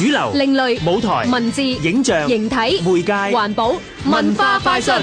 主流、另類舞台、文字、影像、形體、媒介、環保、文化快訊。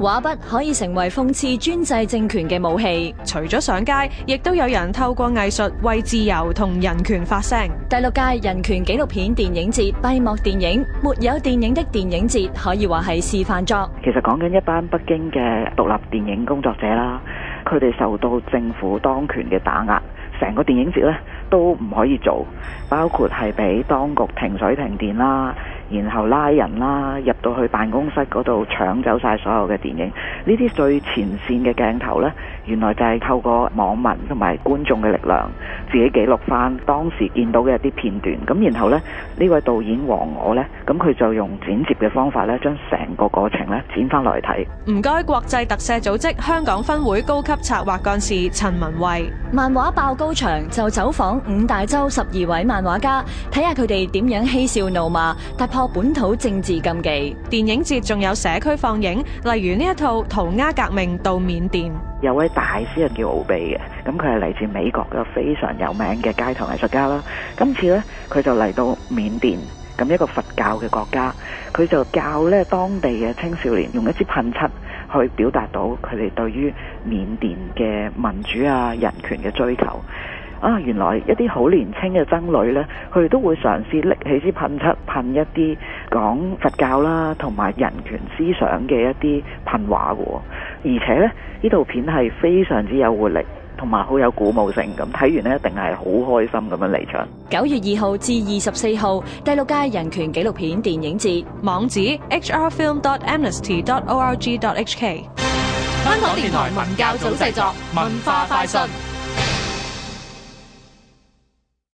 畫筆可以成為諷刺專制政權嘅武器，除咗上街，亦都有人透過藝術為自由同人權發聲。第六屆人權紀錄片電影節閉幕電影《沒有電影的電影節》可以話係示範作。其實講緊一班北京嘅獨立電影工作者啦，佢哋受到政府當權嘅打壓，成個電影節呢，都唔可以做，包括係俾當局停水停電啦，然後拉人啦，入到去辦公室嗰度搶走晒所有嘅電影。呢啲最前線嘅鏡頭呢，原來就係透過網民同埋觀眾嘅力量。自己記錄翻當時見到嘅一啲片段，咁然後咧呢位導演黃鵝咧，咁佢就用剪接嘅方法咧，將成個過程咧剪翻落嚟睇。唔該，國際特赦組織香港分會高級策劃幹事陳文慧，漫畫爆高牆就走訪五大洲十二位漫畫家，睇下佢哋點樣嬉笑怒罵，突破本土政治禁忌。電影節仲有社區放映，例如呢一套《塗鴉革命》到緬甸。有位大詩人叫奧比嘅，咁佢係嚟自美國個非常有名嘅街頭藝術家啦。今次呢，佢就嚟到緬甸，咁一個佛教嘅國家，佢就教呢當地嘅青少年用一支噴漆去表達到佢哋對於緬甸嘅民主啊、人權嘅追求。啊，原來一啲好年輕嘅僧侶呢，佢哋都會嘗試拎起支噴漆噴一啲講佛教啦，同埋人權思想嘅一啲噴畫嘅。而且咧，呢套片係非常之有活力，同埋好有鼓舞性。咁睇完咧，一定係好開心咁樣離場。九月二號至二十四號，第六屆人權紀錄片電影節網址：hrfilm.amnesty.org.hk。香港電台文教組製作，文化快訊。